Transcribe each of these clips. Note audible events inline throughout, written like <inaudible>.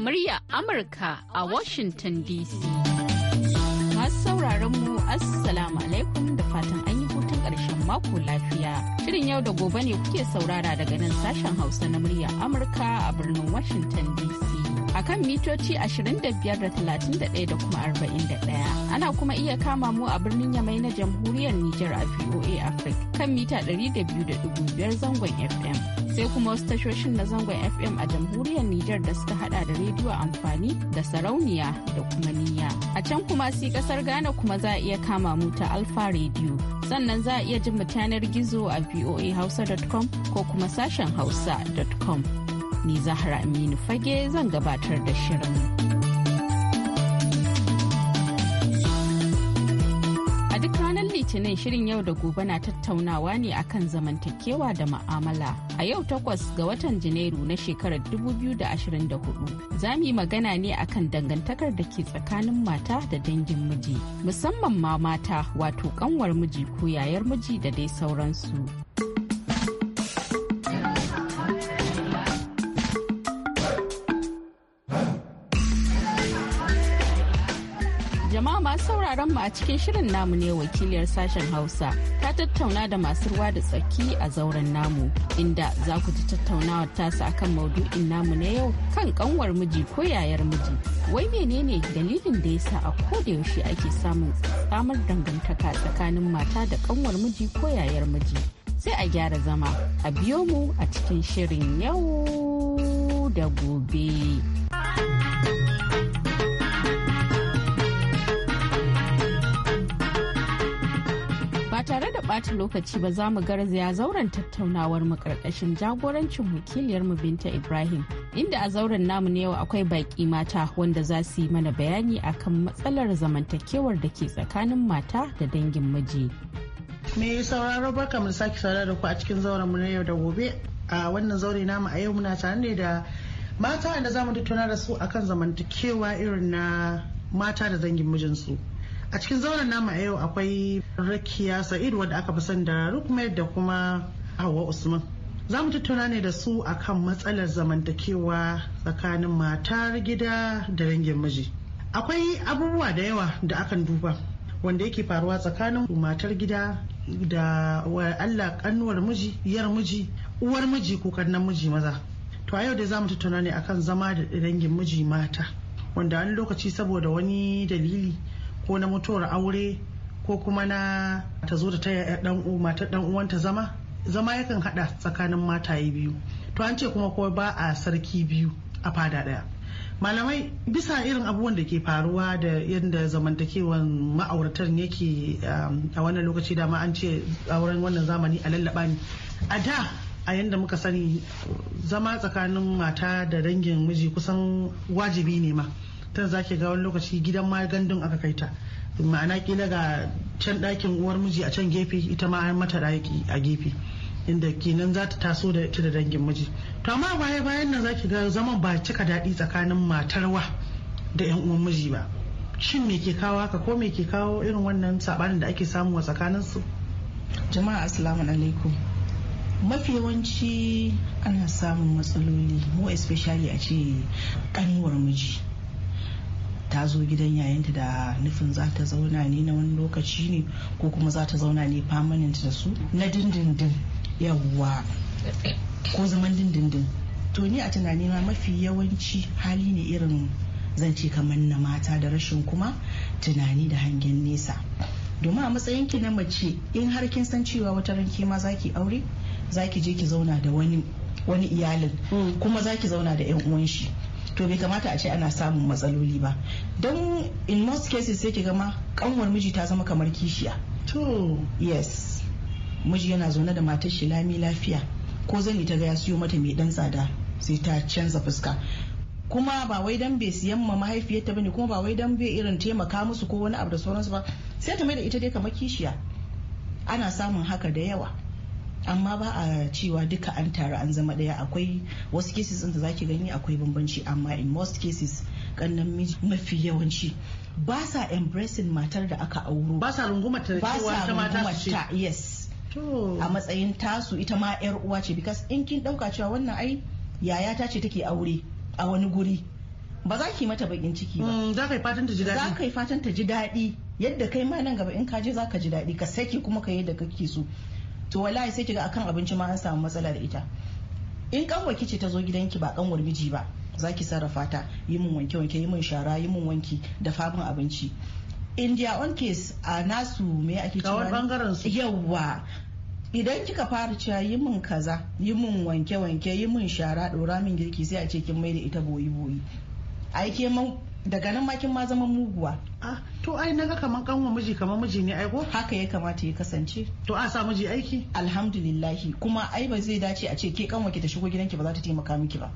murya Amurka a Washington DC. Masu sauraron mu Assalamu alaikum da fatan an yi hutun ƙarshen mako lafiya. Shirin yau da gobe ne kuke saurara daga nan sashen Hausa na murya Amurka a birnin Washington DC. a kan mitoci 25.31 da kuma 41. Ana kuma iya kama mu a birnin Yamai na jamhuriyar Nijar a VOA Africa kan mita 200.5 zangon FM. sai kuma wasu tashoshin na zangon FM a jamhuriyar Nijar da suka hada da rediyo amfani da sarauniya da kuma niyya. A can kuma si kasar Ghana kuma za a iya kama mu ta Alfa Radio. Sannan za a iya jin mutanar gizo a voa voahausa.com ko kuma sashen hausa.com. Ni Zahra Aminu Fage zan gabatar da shirin. litinin shirin yau da gobe na tattaunawa ne akan zamantakewa da ma'amala a yau takwas ga watan Janairu na shekarar 2024 za mu yi magana ne akan dangantakar da ke tsakanin mata da dangin miji musamman ma mata wato kanwar miji ko yayar miji da dai sauransu. sauraron mu a cikin shirin namu ne wakiliyar sashen Hausa ta tattauna da masu ruwa da tsaki a zauren namu inda za ku ji tattaunawa tasu akan maudu'in namu na yau kan kanwar miji ko yayar miji. Wai menene dalilin da yasa a yaushe ake samun samar dangantaka tsakanin mata da kanwar miji ko yayar miji. Sai a gyara zama a biyo mu a cikin shirin yau da gobe. tare da ɓata lokaci ba za mu garzaya zauren tattaunawar mu karkashin jagorancin wakiliyar mu Binta Ibrahim inda a zauren namu ne yau akwai baƙi mata wanda za su yi mana bayani akan matsalar zamantakewar da ke tsakanin mata da dangin miji. Me sauraro barka mu sake saurara da ku a cikin zauren mu na yau da gobe a wannan zaure namu a yau muna tare ne da mata da za mu tattauna da su akan zamantakewa irin na mata da dangin mijinsu. a cikin zauren nama yau akwai rakiya sa'id wanda aka fi san da rukmayar da kuma hawa usman za mu tattauna ne da su akan matsalar zamantakewa tsakanin matar gida da dangin miji akwai abubuwa da yawa da akan duba wanda yake faruwa tsakanin matar gida da allah kanuwar miji yar miji uwar miji ko kannan miji maza to a yau dai za mu tattauna ne akan zama da dangin miji mata wanda wani lokaci saboda wani dalili ko na mutuwar aure ko kuma na ta zo da ta matar dan uwanta zama zama yakan hada tsakanin mataye biyu to an ce kuma ko ba a sarki biyu a fada ɗaya. malamai bisa irin abubuwan da ke faruwa da yadda zamantakewan ma'auratan yake um, a wannan lokaci dama an ce auren wannan zamani a lallaba ne a da a yadda muka sani zama tsakanin mata da dangin miji kusan wajibi ne ma ta zaki ga wani lokaci gidan ma gandun aka kai ta ma'ana kila ga can dakin uwar miji a can gefe ita ma an mata ɗaki a gefe inda kenan za ta taso da ita da dangin miji to amma baya bayan nan zaki ga zaman ba cika daɗi tsakanin matarwa da yan uwan miji ba shin me ke kawo haka ko me ke kawo irin wannan sabanin da ake samu a tsakanin su jama'a assalamu alaikum mafi yawanci ana samun matsaloli mu especially a ce kanwar miji ta zo gidan yayinta da nufin za ta zauna ne na wani lokaci ne ko kuma za ta zauna ne permanent da su na dindindin yawwa ko zaman dindindin to ni a tunani ma mafi yawanci hali ne irin zance kamar na mata da rashin kuma tunani da hangen nesa domin a matsayin ki na mace in har kin san cewa wata ranke ma zaki aure zaki je ki zauna da wani wani iyalin mm. kuma zaki zauna da yan uwan shi to bai kamata a ce ana samun matsaloli ba don in most cases sai ki gama kanwar miji ta zama kamar kishiya to yes miji yana zaune da matar shi lami lafiya ko zani ta ga ya siyo mata mai dan tsada sai ta canza fuska kuma ba wai dan bai siyan ma mahaifiyarta bane kuma ba wai dan bai irin taimaka musu ko wani abu da sauransu ba sai ta mai da ita dai kamar kishiya ana samun haka da yawa amma ba a cewa duka an taru an zama daya akwai wasu cases da zaki gani akwai bambanci amma in most cases kannan mafi yawanci ba sa embracing matar da aka auro ba sa rungumata ta cewa ta mata ce yes a matsayin tasu ita ma yar uwa ce because in kin dauka cewa wannan ai yaya ta ce take aure a wani guri ba za ki mata bakin ciki ba mm, za ka yi fatan ta ji daɗi za ka yi fatan ta ji daɗi yadda kai ma nan gaba in ka je za ka ji daɗi ka sake kuma ka yi da kake so to wallahi sai kiga akan abinci ma an samu matsala da ita in kanwar kice ta zo gidanki ba kanwar miji ba zaki sarrafa ta yi mun wanke wanke yi mun shara yi mun wanki da fabin abinci in their own case a nasu me ake cewa bangaren su yawa idan kika fara cewa yi mun kaza yi mun wanke wanke yi mun shara dora min girki sai a ce kin mai da ita boyi boyi ai ke daga nan makin ma zama muguwa ah to ai naga kaman kanwa miji kaman miji ne aiko haka ya kamata ya kasance to a sa miji aiki alhamdulillahi kuma ai ba zai dace a ce ke kanwa ki ta shigo gidanki ba za ta taimaka miki ba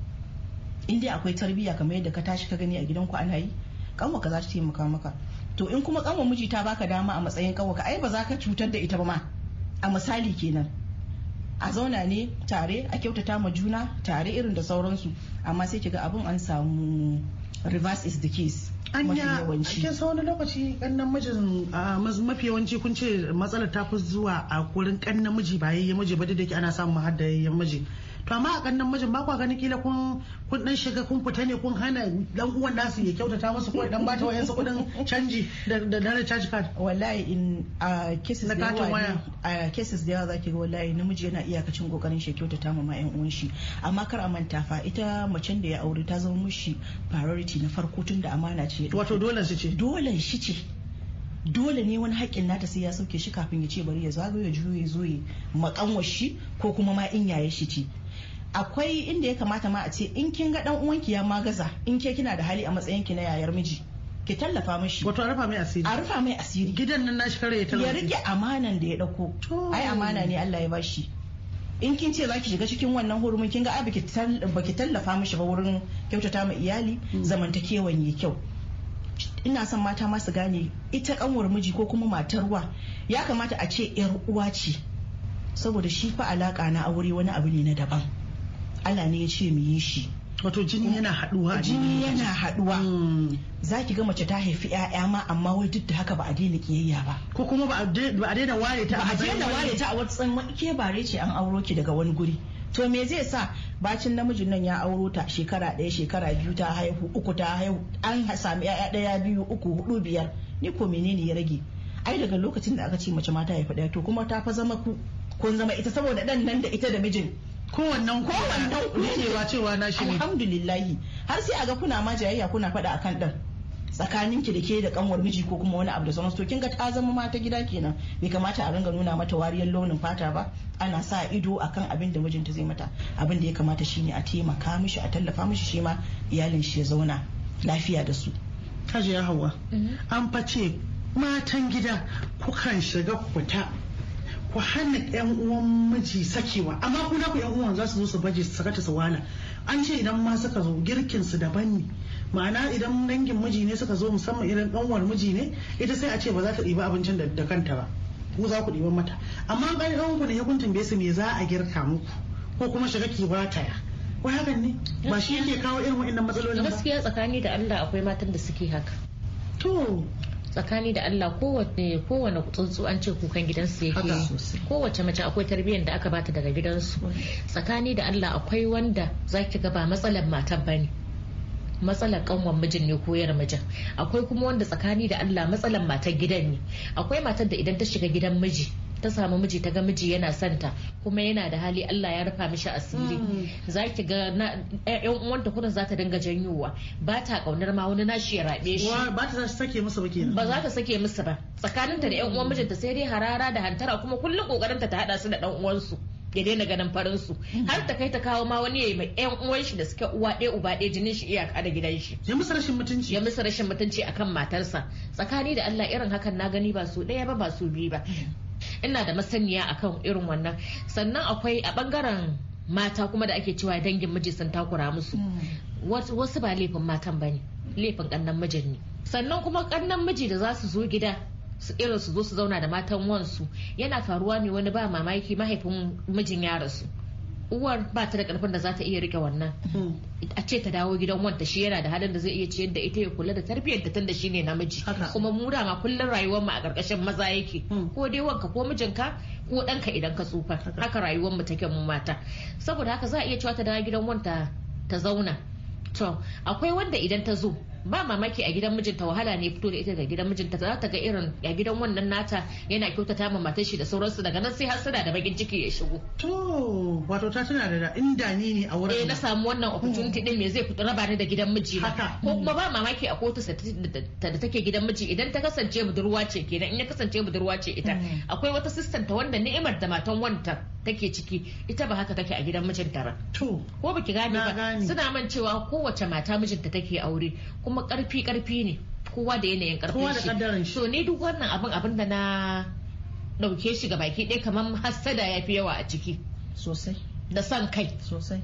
in dai akwai tarbiyya kamar yadda ka tashi ka gani a gidanku ana yi kanwa ka za ta taimaka maka to in kuma kanwa miji ta baka dama a matsayin kanwa ka ai ba za ka cutar da ita ba ma a misali kenan a zauna ne tare a kyautata ma juna tare irin da sauransu amma sai ki ga abun an samu reverse is the case anya kin sa wani lokaci kan namijin mafi yawanci kun ce matsalar ta fi zuwa a kurin kan namiji ba yayyen miji ba da ana samun har da miji to amma a kannan mijin ba kwa gani kila kun kun dan shiga kun fita ne kun hana dan uwan nasu ya kyautata masa ko dan bata wayansa kudin canji da da charge card wallahi in a cases da yawa a cases da yawa zaki ga wallahi namiji yana iyakacin kokarin shi kyautata ma ma'an uwan shi amma kar a manta fa ita macen da ya aure ta zama mushi priority na farko tun da amana ce wato dole shi ce dole shi ce dole ne wani haƙƙin nata sai ya sauke shi kafin ya ce bari ya zagayo ya juyo ya zo ya shi ko kuma ma in yaye shi ce akwai inda ya kamata ma a ce in kin ga dan uwanki ya magaza in ke kina da hali a matsayin ki na yayar miji ki tallafa mishi wato a rufa mai asiri a rufa mai asiri gidan nan nashi kare ya tallafa ya rike amanan da ya dauko ai amana ne Allah ya bashi in kin ce zaki shiga cikin wannan hurumin kin ga ai baki tallafa mishi ba wurin kyautata ma iyali hmm. zamantakewan ya kyau ina son mata masu gane ita kanwar miji ko kuma matarwa ya kamata a ce yar uwa ce saboda shi fa alaka na a wuri wani abu ne na daban Allah ne ya ce mu yi shi wato jini yana haduwa jini yana haduwa hmm. za ki ga mace ta haifi 'ya'ya ma amma wai duk da haka ba a daina kiyayya ba ko kuma ba a daina ware ta a daina ware ta a wata tsanwa ke bare ce an auro ki daga wani guri to me zai sa bacin namijin nan ya auro ta shekara ɗaya shekara biyu ta haihu uku ta haihu an sami 'ya'ya ɗaya biyu uku huɗu biyar ni ko menene ya rage ai daga lokacin da aka ce mace ma ta haifi ɗaya to kuma ta fa zama ku kun zama ita saboda ɗan nan da ita da mijin kowannan kowannan cewa cewa na shi ne alhamdulillah har sai a ga kuna ma jayayya kuna faɗa akan ɗan tsakanin ki da ke da kanwar miji ko kuma wani abu da sauransu to kin ga ta zama mata gida kenan bai kamata a ringa nuna mata wariyar launin fata ba ana sa ido akan abin da mijinta zai mata abin da ya kamata shine a taimaka mishi a tallafa mishi shi ma iyalin shi ya zauna lafiya da su kaje hawa mhm. an face matan gida kukan shiga fita ku hana yan uwan miji sakewa amma ku ku yan uwan za su zo su baje su saka su wala an ce idan ma suka zo girkin su daban ne ma'ana idan dangin miji ne suka zo musamman irin kanwar miji ne ita sai a ce ba za ta ɗiba abincin da kanta ba ku za ku ɗiba mata amma ƙarƙan ku ne ya kun tambaye su me za a girka muku ko kuma shiga ke ba ta ko hakan ne ba shi yake kawo irin waɗannan matsalolin ba gaskiya tsakani da Allah akwai matan da suke haka to tsakani da Allah kowace kowane tsuntsu an ce kukan gidansu yake kowace mace akwai tarbiyyar da aka bata daga gidansu tsakani da Allah akwai wanda zaki ga ba matsalar ba bane matsalar kanwan mijin ne koyar mijin akwai kuma wanda tsakani da Allah matsalar matar gidan ne akwai matar da idan ta shiga gidan miji ta samu miji ta ga miji yana santa kuma yana da hali Allah ya rufa mishi asiri mm. za ki ga ƴan uwanta kuna za ta dinga janyowa ba ta kaunar ma wani nashi ya rabe shi ba ta sake musu ba kenan ba za ta sake musu ba tsakaninta da ƴan uwan mijinta sai dai harara da hantara kuma kullum kokarin ta hada su da uwan uwansu ya daina ganin farin su mm. har ta kai ta kawo ma wani yayi mai yan uwan shi da suka uwa ɗaya uba ɗaya jinin shi iyaka da gidan shi ya musu rashin mutunci ya musu rashin mutunci akan matarsa tsakani da Allah irin hakan na gani ba su ɗaya ba ba su biyu ba mm. ina da masaniya akan irin wannan sannan akwai a bangaren mata kuma da ake cewa dangin miji sun takura musu hmm. wasu ba laifin matan ba ne laifin kannan mijin ne sannan kuma kannan miji da za su zo gida su irin su zo su zauna da matan wansu yana faruwa ne wani ba mamaki mahaifin mijin ya rasu uwar ba ta da karfin da za ta iya rike wannan hmm. a ce ta dawo gidan wanta shi yana da halin da zai iya ciyar da ita ya kula da tarbiyyar da tunda ne namiji kuma mu ma kullun rayuwar mu a karkashin maza yake hmm. ko dai wanka ko mijinka ko danka idan ka tsufa haka rayuwar mu take mu mata saboda haka za a iya cewa ta dawo gidan wanta ta zauna to akwai wanda idan ta zo ba mamaki a gidan mijinta wahala ne fito da ita da gidan mijinta za ta ga irin a gidan wannan nata yana kyautata ma matar shi da sauransu daga nan sai har suna da bakin ciki ya shigo to wato ta tana da inda ni ne a wurin eh, na samu wannan opportunity din me zai fito raba ni da gidan miji ko kuma ba mamaki a kotu ta da take gidan miji idan ta kasance budurwa ce kenan in ya kasance budurwa ce ita mm. akwai wata system ta wanda ni'imar da matan wanta take ciki ita ba haka take a gidan mijinta ba to ko baki gane ba suna man cewa kowace mata mijinta take aure kuma kuma karfi karfi ne kowa da yanayin karfin kowa so ne duk wannan abin abin da na dauke shi ga baki ɗaya kamar hassada ya fi yawa a ciki sosai da son kai sosai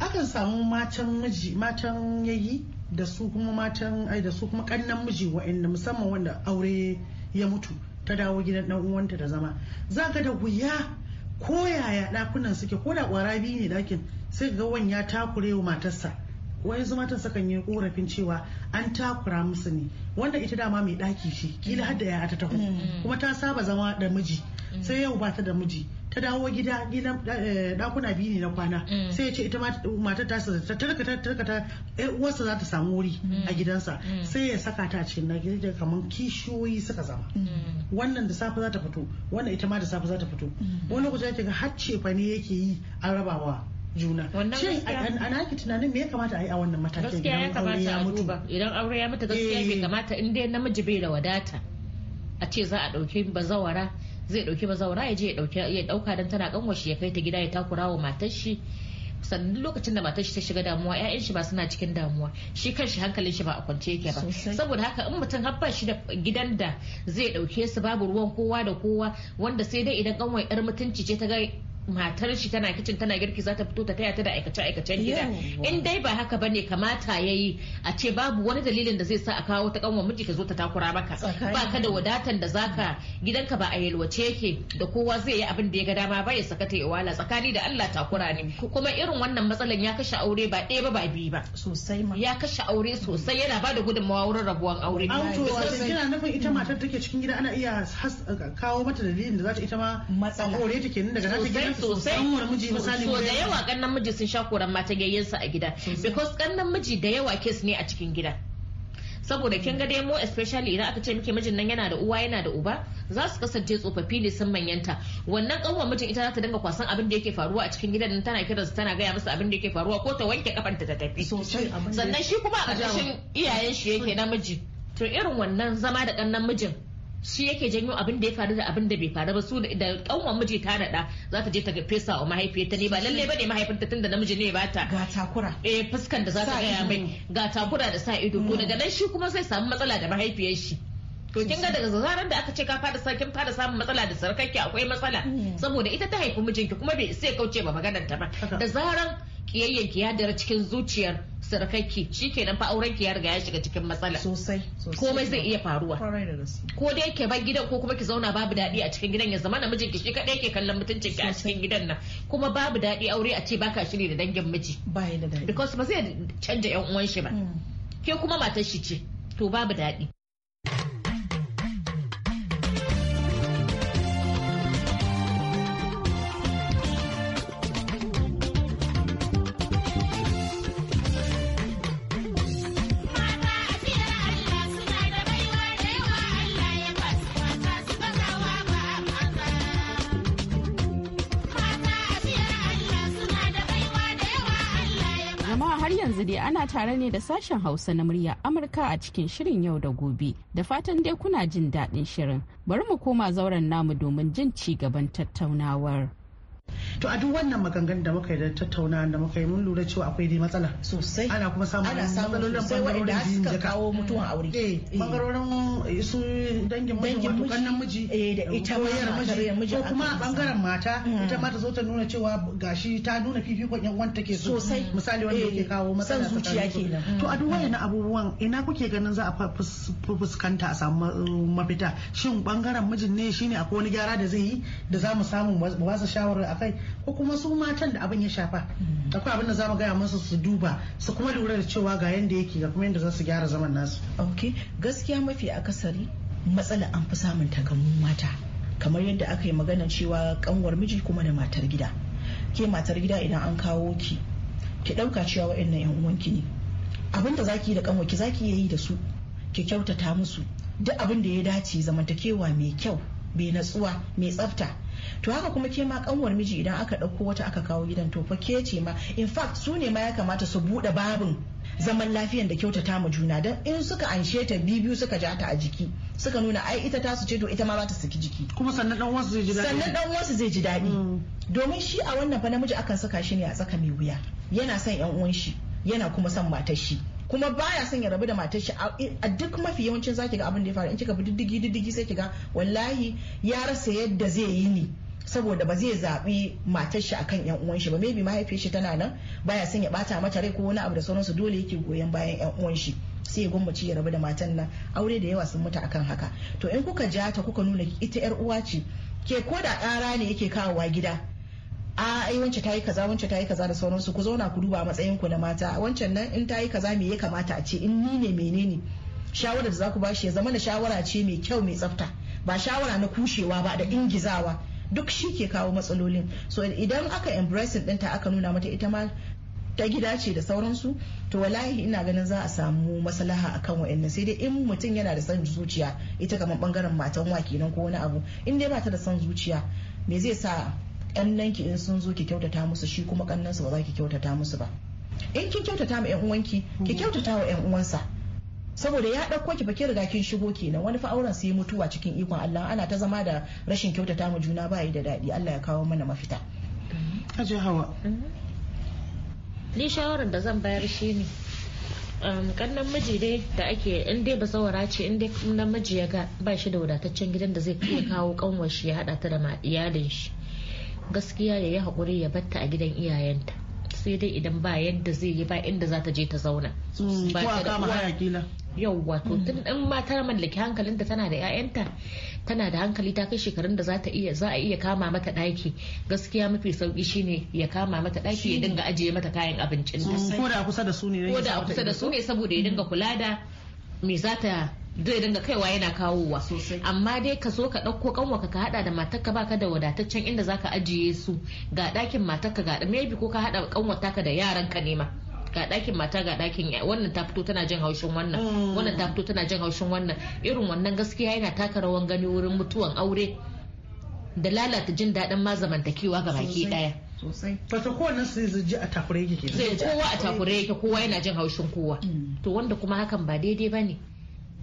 akan samu matan miji matan yayi da su kuma matan ai da su kuma kannan miji wa'anda musamman wanda aure ya mutu ta dawo gidan dan uwanta da zama za ka da guya ko yaya dakunan suke ko da kwara biyu ne dakin sai ga wani ya takure wa matarsa zuma matan sakan yi korafin cewa an takura musu ne wanda ita dama mai daki ce kila hada ya ta taho mm. kuma ta saba zama da miji mm. sai yau ba ta da miji ta dawo gida gida dakuna eh, biyu ne na kwana mm. sai ya ce ita matar ta ta tarkata tarkata eh, uwarsa za ta samu wuri a gidansa sai ya saka ta cikin na gida kamar kishiyoyi suka zama wannan da safe za ta fito wannan ita ma da safe za ta fito wani lokaci ya ga har fa ne yake yi an rabawa juna shin ana ki tunanin me ya kamata a yi a wannan matakin gaskiya ya kamata a duba idan aure ya mutu gaskiya bai eh. kamata in dai namiji bai da wadata a ce za a dauki bazawara zai dauki bazawara ya je ya dauki ya dauka dan tana kanwar shi ya kai ta gida ya takura wa matar shi sannan lokacin da matar shi ta shiga damuwa ƴaƴan shi ba suna cikin damuwa shi kanshi hankalin shi ba a kwance yake ba saboda haka in mutum har ba shi da gidan da zai dauke su babu ruwan kowa da kowa wanda sai dai idan kanwar yar mutunci ce ta ga matar shi tana kicin tana girki za ta fito ta taya ta da aikace aikacen gida in dai ba haka bane kamata yayi a ce babu wani dalilin da zai sa a kawo ta kanwa miji ka zo ta takura maka ba ka da wadatan da zaka gidanka ba a yalwace yake da kowa zai yi abin da ya ga dama ba ya saka ta wala tsakani da Allah takura ne kuma irin wannan matsalan ya kashe aure ba ɗaya ba ba biyu ba sosai ma ya kashe aure sosai yana ba da gudunmawa wurin rabuwar aure an to kina nufin ita matar take cikin gida ana iya kawo mata dalilin da za ta ita ma so da yawa kannan miji sun sha koran mata gayyansa a gida because kannan miji da yawa kes ne a cikin gida saboda kin ga demo especially idan aka ce miki mijin nan yana da uwa yana da uba za su kasance tsofaffi ne sun manyanta wannan kanwa mijin ita za ta dinga kwasan abin da yake faruwa a cikin gidan nan tana kiran su tana gaya masa abin da yake faruwa ko ta wanke kafanta ta tafi sannan shi kuma a ƙarƙashin iyayen shi yake namiji to irin wannan zama da kannan mijin. shi yake janyo abin da ya faru da abin da bai faru ba su da kanwan miji ta naɗa za ta je ta fesa wa mahaifiyarta ne ba lalle ba ne mahaifinta tunda namiji ne ba ta ga takura eh fuskan da za ta gaya mai ga takura da sa ido ko mm. daga nan shi kuma sai samu matsala da mahaifiyar shi to kin ga daga zaran da aka ce ka fada sakin fada samun matsala da sarkakki akwai matsala mm. saboda ita ta haifi mijinki kuma bai sai kauce ba maganar ta ba da zaran kiyayyen ya dara cikin zuciyar surukarki shikenan fa auren ki ya riga ya shiga cikin matsala sosai komai zai iya faruwa ko dai ke bar gidan ko kuma ki zauna babu daɗi a cikin gidan ya zama namijin ki shi kadai ke kallon mutuncin ki a cikin gidan nan kuma babu daɗi aure a ce baka shiri da dangin miji ba da daɗi because ba zai canja yan uwan shi ba mm. ke kuma matar shi ce to babu daɗi yanzu dai ana tare ne da sashen Hausa na murya Amurka a cikin shirin yau da gobe. Da fatan dai kuna jin daɗin shirin. Bari mu koma zauren namu domin jin ci gaban tattaunawar. to a duk wannan maganganun da muka yi da tattauna da muka yi mun lura cewa akwai dai matsala sosai ana kuma samun ana samun sosai waɗanda suka kawo mutuwan aure eh, eh bangarorin su dangin miji wato kannan miji eh da ita ma miji ko kuma bangaren mata mm. ita ma ta zo ta nuna cewa gashi ta nuna fifikon yan wanda take so sosai misali wanda yake eh, kawo matsala zuciya kenan mm. to a duk wayannan abubuwan ina kuke ganin za a fuskanta a samu mafita shin bangaren mijin ne shine akwai wani gyara da zai yi da za mu samu ba su shawarar akai ko kuma su matan da abin ya shafa akwai abin da zamu gaya musu su duba su kuma lura da cewa ga yanda yake ga kuma yanda za su gyara zaman nasu ok gaskiya mafi akasari matsala an fi samun tagamun mata kamar yadda aka yi magana cewa kanwar miji kuma da matar gida ke matar gida idan an kawo ki ki ɗauka cewa wa'annan yan uwanki ne abin da zaki yi da kanwarki zaki yi da su ki kyautata musu duk abin da ya dace zamantakewa mai kyau mai natsuwa mai tsafta to haka kuma ke ma kanwar miji idan aka ɗauko wata aka kawo gidan to fa ke ce ma in fact su ne ma ya kamata su buɗe babin zaman lafiyan da kyautata mu juna don in suka anshe ta biyu suka ja ta a jiki suka nuna ai ita ta su ce to ita ma za ta saki jiki kuma sannan dan wasu zai ji daɗi sannan dan wasu zai ji daɗi mm. domin shi a wannan fa namiji akan saka shi ne a tsaka mai wuya yana son yan uwan shi yana kuma son matar shi kuma baya son ya rabu da matar shi a duk mafi yawancin zaki ga abin da ya faru in kika bi diddigi diddigi sai kiga wallahi ya rasa yadda zai yi ni saboda ba zai zaɓi matar shi akan yan uwan shi ba maybe mahaifiyar shi tana nan baya son ya bata mata rai ko wani abu da sauransu dole yake goyon bayan yan uwan shi sai gwammaci ya rabu da matan nan aure da yawa sun mutu akan haka to in kuka ja ta kuka nuna ita yar uwa ce ke ko da ƙara ne yake kawowa gida a ai wance ta yi kaza wance ta yi kaza da sauransu ku zauna ku duba a matsayin ku na mata wancan nan in ta yi kaza me ya kamata a ce in ni ne menene shawara da za ku bashi ya zama da shawara ce mai kyau mai tsafta ba shawara na kushewa ba da ingizawa duk shi ke kawo matsalolin so idan aka embracing ɗinta aka nuna mata ita ma ta gida ce da sauransu to wallahi ina ganin za a samu maslaha akan wa'annan sai dai in mutum yana da son zuciya ita kamar bangaren matan wa kenan ko wani abu in dai ba ta da son zuciya me zai sa kannan ki in sun zo ki kyautata musu shi kuma kannan ba za ki kyautata musu ba in kin kyautata ma yan uwanki ki kyautata wa yan uwansa saboda ya ɗauko ki baki riga kin shigo kenan wani fa auren sai mutuwa cikin ikon Allah ana ta zama da rashin kyautata mu juna ba yi da daɗi Allah ya kawo mana mafita aje hawa mm-hmm. ni shawarar da zan bayar shine kannan um, miji dai da ake in dai ba zawara ce in dai namiji ya ga ba shi da wadataccen gidan da zai iya kawo kanwar shi ya hada ta da iyalin shi gaskiya ya yi haƙuri ya batta a gidan iyayenta sai dai idan ba yadda zai yi ba inda za ta je ta zauna. Mm, ko a kama haya kila. Yau wato mm. tun in matar ta hankalin da tana da 'ya'yanta tana da hankali ta kai shekarun da za iya za a iya kama mata ɗaki gaskiya mafi sauki shine ya kama mata ɗaki ya dinga ajiye mata kayan abincin ta. Mm, ko da kusa da su ne. Ko da kusa da su ne saboda ya dinga kula da me za ta zai dinga kaiwa yana kawowa amma dai ka so ka ɗauko kanwaka ka hada da matarka baka da wadataccen inda zaka ajiye su ga ɗakin matarka ga maybe ko ka hada kanwata ka da yaran ka nema ga ɗakin mata ga ɗakin wannan ta fito tana jin haushin wannan mm. wannan ta fito tana jin haushin wannan irin wannan gaskiya yana taka rawan gani wurin mutuwan aure da lalata jin daɗin ma zamantakewa ga baki ɗaya. sosai wato kowanne sai zai ji a takure yake ke zai kowa a takure yake kowa yana jin haushin kowa mm. to wanda kuma hakan ba daidai ba ne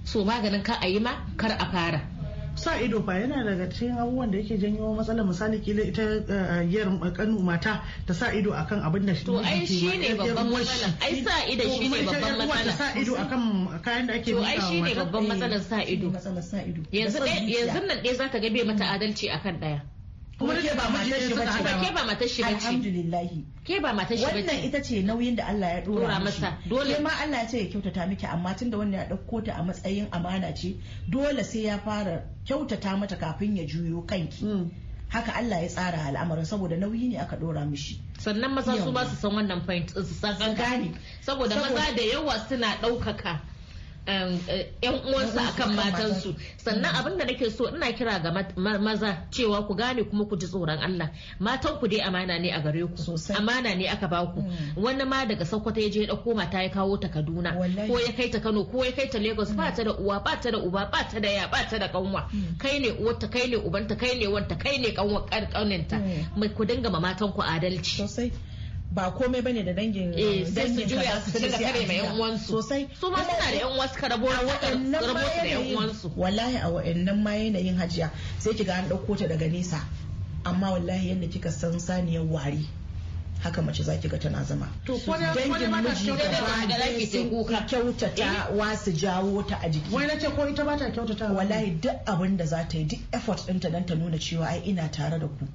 so maganin ka a yi ma kar a fara sa ido fa yana daga cikin abubuwan da yake janyo matsalar misali kila ita eh, yar eh, kanu mata ta sa ido akan abin da shi to ai shine babban matsala ai sa ido shine babban matsala sa ido akan kayan da ake to ai shine babban eh. matsalar sa ido yanzu yanzu nan dai zaka ga bai mata adalci akan daya kuma ke ba matar shi bace ba ke ba matar shi bace alhamdulillah ke ba matar shi bace wannan ita ce nauyin da Allah ya dora masa dole ma Allah ya ce ya kyautata miki amma tunda wannan ya dauko ta a matsayin amana ce dole sai ya fara kyautata mata kafin ya juyo kanki hmm. haka Allah ya tsara al'amarin saboda nauyi ne aka dora mishi sannan maza su ba su san wannan point su san gane saboda maza da yawa suna daukaka Um, eh, yan uwansu akan matansu sannan abin da nake so ina kira ga maza cewa ku gane kuma ku ji tsoron Allah matan ku dai amana ne a gare ku amana ne aka ba ku hmm. wani ma daga Sokoto ya je dauko ta ya kawo ta Kaduna ko ya kai ta Kano ko ya kai ta Lagos ba hmm. ta da uwa ba ta da uba ba ta da ya ba ta da kanwa hmm. kai ne uwarta kai ne ubanta kai ne wanta kai ne kanwa kaninta ku dinga ma matan ku adalci ba komai bane da dangin eh, dangin ka za su ci sai mai yan uwansu sosai su ma suna da yan uwansu ka rabo da yan uwansu wallahi a wa'annan ma yanayin hajiya sai kiga an dauko ta daga nesa amma wallahi yadda kika san saniyar wari haka mace zaki ga tana zama dangin miji gaba sun kyautata eh? wa su jawo ta a jiki wai nace ko ita ba ta kyautata wallahi duk abin da za ta yi duk effort ɗinta dan ta nuna cewa ai ina tare da ku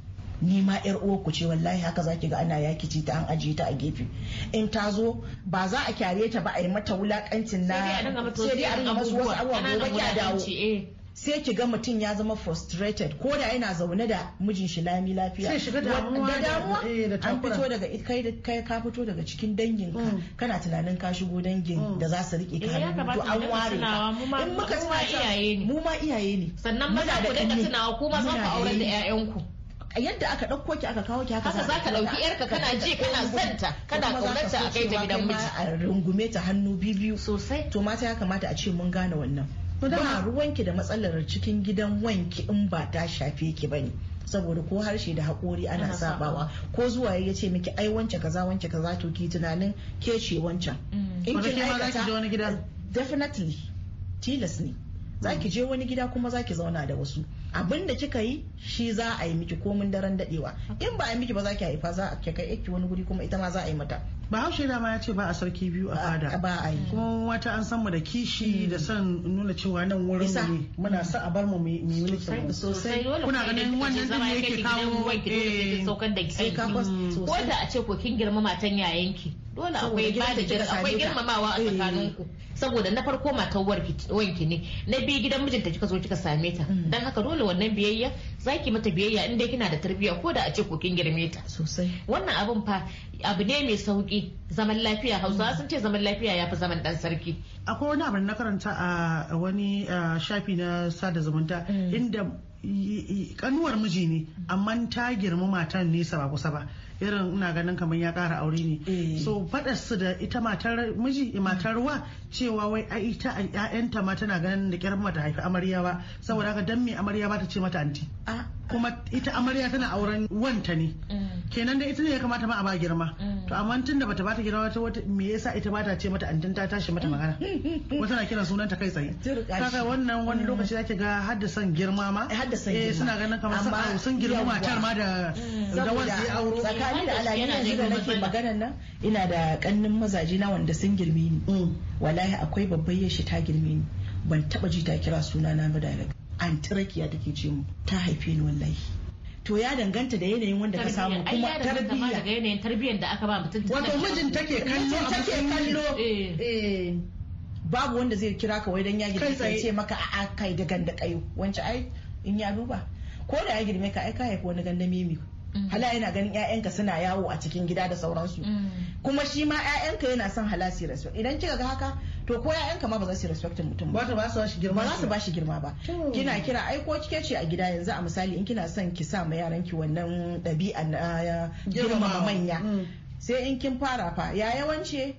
ni ma yar uwar ku ce wallahi haka zaki ga ana yaki ta an aje ta a gefe in ta zo ba za a kyare ta ba a yi mata wulakancin na sai dai a rinka masu wasu abubuwa gobe kya dawo eh. sai ki ga mutum ya zama frustrated ko da yana zaune da mijin shi lami lafiya sai shiga damuwa da damuwa eh, an fito daga kai kai ka fito daga cikin dangin ka mm. kana tunanin ka shigo dangin mm. da za su rike ka eh, to an ware in muka tsaya iyaye ne mu ma iyaye ne sannan maza ku dinga tunawa kuma za ku aure da ƴaƴanku yadda aka ɗauko ki aka kawo ki haka za ka ɗauki yarka kana je kana santa kana ƙaunarta a kai da gidan miji a rungume ta hannu biyu sosai to mata ya kamata a ce mun gane wannan ba ki da matsalar cikin gidan wanki in ba ta shafe ki bane saboda ko harshe da haƙori ana sabawa ko zuwa ya ce miki ai wance kaza wance kaza to ki tunanin ke ce wancan mm. in kin aikata definitely tilas ne za ki je wani gida kuma za ki zauna da wasu abin da kika yi shi za a yi miki komin daren dadewa in ba a yi miki ba za ki haifa za a kai ki wani guri kuma ita ma za a yi mata Ba da dama ya ce ba a sarki biyu a fada ba a yi kuma wata an san mu da kishi hmm. da son nuna cewa nan wurin mu ne muna hmm. san a bar mu mu mulki sosai kuna ganin wannan din yake kawo eh saukan da ki hmm. ko da a ce ko kin girma matan yayanki dole akwai ba da akwai girmamawa a eh. tsakaninku saboda na farko matar wanki ne na biyu gidan mijinta kika zo kika same ta hmm. dan haka dole wannan biyayya zaki mata biyayya in dai kina da tarbiyya ko da a ce kokin girme ta sosai wannan abun fa abu ne mai sauki zaman lafiya hausawa hmm. sun ce zaman lafiya ya fi zaman dan sarki akwai wani abu na karanta a wani shafi na sada zumunta hmm. inda kanuwar miji ne amma ta girma matan nesa ba kusa ba irin ina ganin kamar ya kara aure ne eh. so faɗar su da ita matar miji matar wa cewa wai a ita ƴaƴanta ma tana ganin da kyar mata haifi amarya ba saboda haka dan mai amarya ba ta ce mata anti ah. kuma ita amarya tana auren wanta ne eh. kenan da ita ne ya kamata ma a ba girma mm. to amma tun da bata bata girma wata wata me yasa ita bata ce mata an ta tashi mata magana <laughs> wata na kiran sunan ta kai tsaye kaga wannan wani mm. lokaci zaki ga san girma ma eh girma suna ganin kamar sun sun girma matar ma da mm. da wanda ya auro tsakani da alamin yanzu da nake maganar nan ina da kannin mazaje na wanda sun girme ni wallahi akwai babbar yashi ta girme ni ban taba ji ta kira suna na ba da antirakiya take ce mu ta haife ni wallahi to ya danganta da yanayin wanda ka samu kuma tarbiyya daga yanayin tarbiyyar da aka ba mutum wato mijin take kallo take kallo eh. Eh. babu wanda zai kira ka wai dan ya girme ka ce maka a'a kai da ganda kayo wance ai in ya duba ko da ya girme ka ai ka haifi wani ganda mimi Mm. hala yana ganin 'ya'yanka suna yawo a cikin gida da sauransu mm. kuma shi ma 'ya'yanka yana son hala su respect idan kika ga haka to ko 'ya'yanka ma ba za su respect mutum ba ba su bashi girma ba su bashi girma ba kina kira ai ko kike ce a gida yanzu a misali in kina son ki sa ma yaran ki wannan ɗabi'a na girma manya mm. sai in kin fara fa ya yawance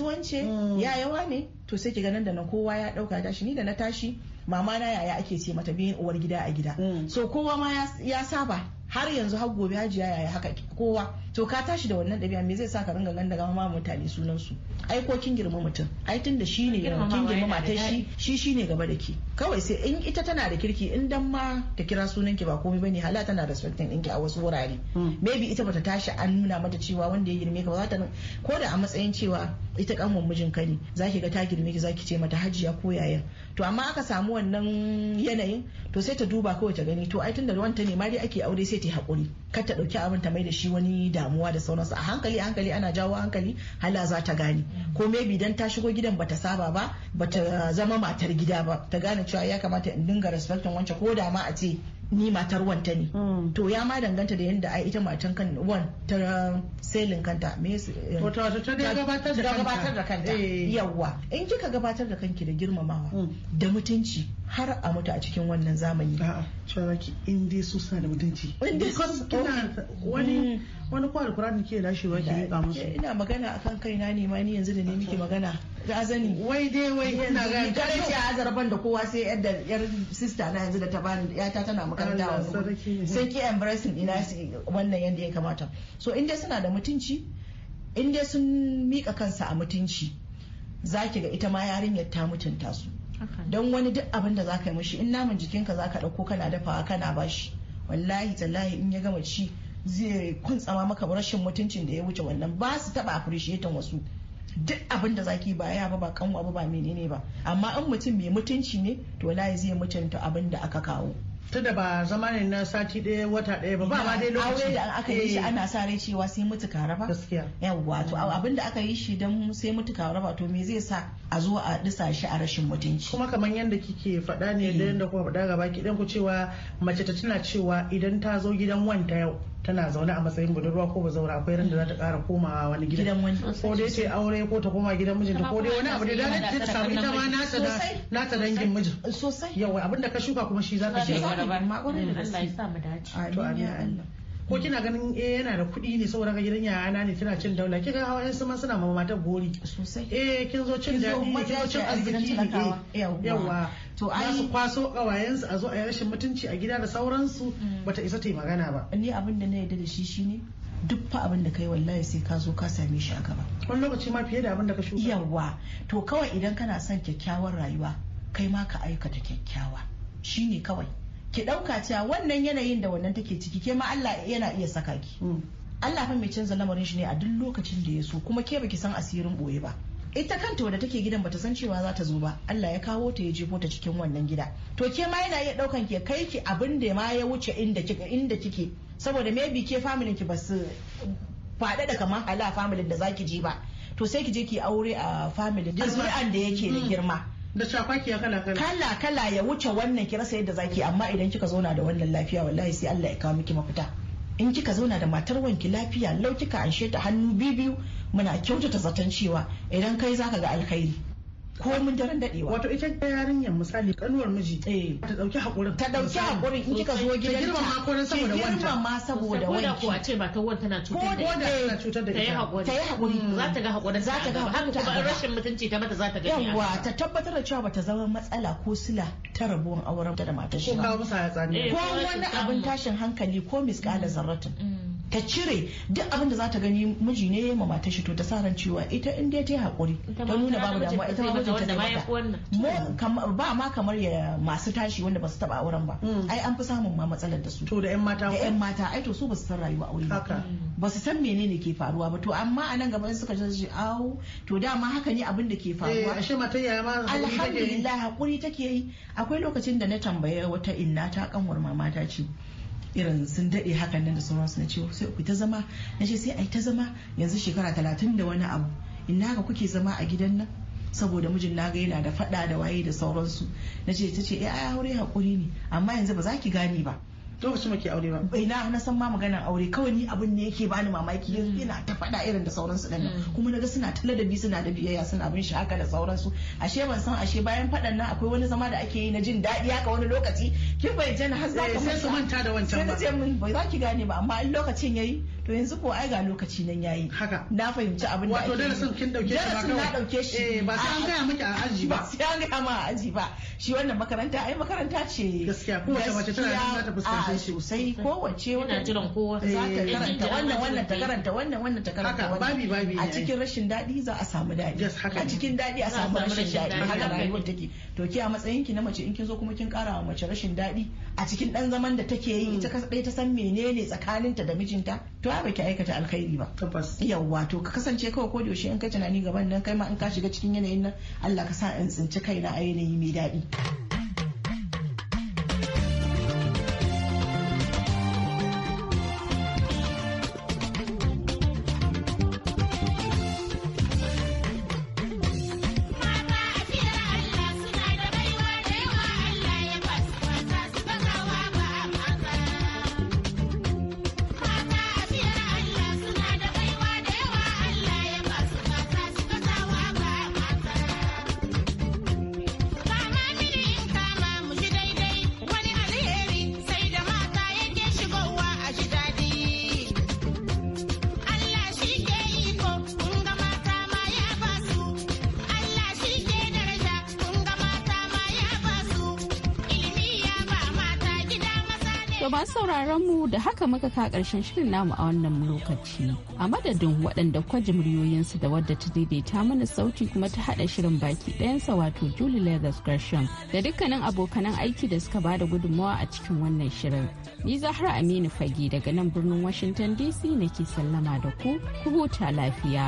wance ya yawa ne to sai ki ganin da na kowa ya dauka tashi ni da na tashi mama na yaya ake ce mata biyan uwar gida a gida so kowa ma ya saba har yanzu har gobe hajiya yaya haka kowa to ka tashi da wannan ɗabi'a me zai sa ka ringa ganda gama mutane sunan su ai ko kin girma mutum ai tun shi ne kin girma matar shi shi ne gaba da ki kawai sai in ita tana da kirki in dan ma ta kira sunan ki ba komai bane hala tana respecting ɗinki a wasu wurare hmm. maybe ita bata tashi an nuna mata cewa wanda ya girme ka ba za ta ko da a matsayin cewa ita kanwan mijin ka ne ki ga ta girme ki ki ce mata hajiya ko yaya to amma aka samu wannan yanayin to sai ta duba kawai ta gani to ai tun da wanta ne ma dai ake aure sai ta yi hakuri kar ta ɗauki abin ta mai da shi wani da damuwa da sauransu a hankali hankali ana jawo hankali hala za ta gane mm. ko maybe dan ta shigo gidan bata saba ba bata zama matar gida ba ta gane cewa ya kamata in dinga respectin wancan ko da ma a ce ni matar wanta ne mm. to ya ma danganta da yadda ai ita matan kan wan ta selin kanta me eh, ta gabatar da kanta eh, yawwa in kika gabatar da kanki da girmamawa mm. da mutunci har a mutu a cikin wannan zamani a'a cewa ki in dai su suna da mutunci in dai su suna wani mm. wani kwa alkurani ke wa ke yi musu eh, ina magana a kan kaina ne ma ni yanzu da ne muke magana zani. wai dai wai yana ga kare ce azarban da kowa sai yadda yar sister na yanzu da ta bani ta tana makaranta wa. sai ki embracing ina wannan yadda ya kamata so in dai suna da mutunci in dai sun mika kansa a mutunci za ki ga ita ma yarinyar ta mutunta su don wani duk abin da zaka yi mashi in naman jikinka ka dauko kana dafawa kana bashi wallahi tallahi in ya gama ci zai kuntsama maka rashin mutuncin da ya wuce wannan ba su taba appreciating wasu duk abin da zaki ba ya ba ba kanwa ba ba menene ba amma in mutum mai mutunci ne to wallahi zai mutunta abin da aka kawo tunda ba zama ne na sati ɗaya wata ɗaya ba ba ma dai lokaci aure da aka yi shi eh. ana sa rai cewa sai mutu kare ba gaskiya yawa to abin da aka yi shi don sai mutu kare ba to me zai sa a zo a disa shi a rashin mutunci kuma kamar yadda kike faɗa ne da eh. yadda kuma faɗa gaba ki ku cewa mace ta tana cewa idan ta zo gidan wanta yau tana zaune a matsayin budurwa ko ba zaura akwai ran da za ta ƙara komawa wani gidan ko dai ce aure ko ta koma gidan mijinta ko dai wani abu da za ta samu ita ma nata da nata dangin mijin sosai yawa abinda ka shuka kuma shi za ka je to amin ko kina ganin eh yana da kuɗi ne saboda gidan yayana ne tana cin daula kika hawa yan sama suna ma matar gori sosai eh kin zo cin daɗi kin zo cin arziki ne yawa to ai su kwaso kawayensu a zo a yi rashin mutunci a gida da sauransu mm. bata isa ta yi magana ba ni abin da na yarda da shi shine duk fa abin da kai wallahi sai ka zo ka same shi a gaba wani lokaci ma fiye da abin da ka shuka yawa to kawai idan kana son kyakkyawar rayuwa kai ma ka aikata kyakkyawa shine kawai ki ɗauka cewa wannan yanayin da wannan take ciki ke ma Allah yana iya saka ki hmm. Allah fa mai canza lamarin shi ne a duk lokacin da ya so kuma ke baki san asirin boye ba ita kanta wadda take gidan bata san cewa za ta zo ba Allah ya kawo ta ya jefo ta cikin wannan gida to ke ma yana iya ɗaukan ki kai ki abin da ma ya wuce inda kika inda kike saboda maybe ke family ki basu faɗa da kamar hala familin da zaki je ba to sai ki je ki aure a family da zuri'an da yake da hmm. girma da ya kala kala kala kala ya wuce wannan ki rasa yadda zaki amma idan kika zauna da wannan lafiya wallahi sai Allah ya kawo miki mafita in kika zauna da matar wanki lafiya lau kika anshe ta hannu biyu muna kyautata zaton cewa idan kai zaka ga alkhairi komin daren dadewa wato ita yarinyar misali kanuwar miji eh. ta dauki hakurin ta dauki hakurin in kika zo gidan girma ma ko saboda wanda girma ma saboda wanda ko a ce ba ta wanda tana cutar da ita tana cutar da ita ta yi hakuri ta yi hakuri mm. za ta ga hakurin za ta ga hakurin ba rashin mutunci ta mata za ta ga yawa ta tabbatar da cewa ba ta zama matsala ko sila ta rabuwar auren da matar shi ko eh, wani abin tashin hankali ko miskala zarratin mm. ta cire duk abin da za ta gani miji ne ya mata shi to ta sa ran cewa ita in dai ta hakuri ta nuna babu damuwa ita ma mijin ta mata ba ma kamar ya masu tashi wanda ba su taba auren ba mm. ai an fi samun ma matsalar da su to da yan mata da yan mata ai to su ba su san rayuwa aure ba mm. ba su san menene ke faruwa ba to amma a nan gaba in suka ji awo to dama haka ne abin da ke faruwa eh, ashe mata ya ma alhamdulillah hakuri take yi akwai lokacin da na tambaye wata inna ta kanwar mama ta ce irin sun daɗe hakan nan da sauransu na ce oh, sai ku ta zama na ce sai ai ta zama yanzu shekara talatin da wani abu ina haka kuke zama a gidan nan saboda mijin na ga yana da faɗa da waye da sauransu na ce ta ce eh, ai aure haƙuri ne amma yanzu ba za ki gane ba lokacin muke aure ba ina na san ma maganar aure kawai ni abin ne yake bani mamaki yanzu yana mm. ta faɗa irin da sauransu su dinnan mm. kuma naga suna da ladabi suna da biyayya suna bin shi haka da sauransu ashe ban san ashe bayan faɗan nan akwai wani zama da ake yi na jin daɗi haka wani lokaci kin bai jana har za eh, su manta da wancan ba sai na ce min ba za ki gane ba amma in lokacin yayi to yanzu ko ai ga lokaci nan yayi haka na fahimci abin da wato darasin kin dauke shi na dauke shi eh, ba sai an gaya miki a aji ba sai an gaya ma a aji ba shi wannan makaranta ai makaranta ce gaskiya kowace mace tana da ta fuskantar shi sosai wace wannan jiran kowa za ta eh, karanta wannan wannan ta karanta wannan wannan ta karanta haka babi babi a eh. cikin rashin dadi za a samu dadi a cikin dadi a samu rashin dadi haka rayuwar take to ki a matsayin ki na mace in kin zo kuma kin kara wa mace rashin dadi a cikin dan zaman da take yi hmm. ita kadai ta san menene tsakaninta da mijinta to ba baki aikata alkhairi ba yawwa to ka kasance kawai ko yaushe in ka tunani gaban nan kai ma in ka shiga cikin yanayin nan Allah ka sa in tsinci kaina a yanayi mai daɗi To masu sauraron mu da haka muka ka karshen shirin namu a wannan lokaci. A madadin waɗanda kwajin muryoyinsu da wadda ta daidaita mana sauti kuma ta haɗa shirin baki ɗayansa wato Julie Leathers Gershon da dukkanin abokanan aiki da suka bada gudummawa a cikin wannan shirin. Ni Zahra Aminu Fage daga nan birnin Washington DC nake sallama da ku, ku huta lafiya.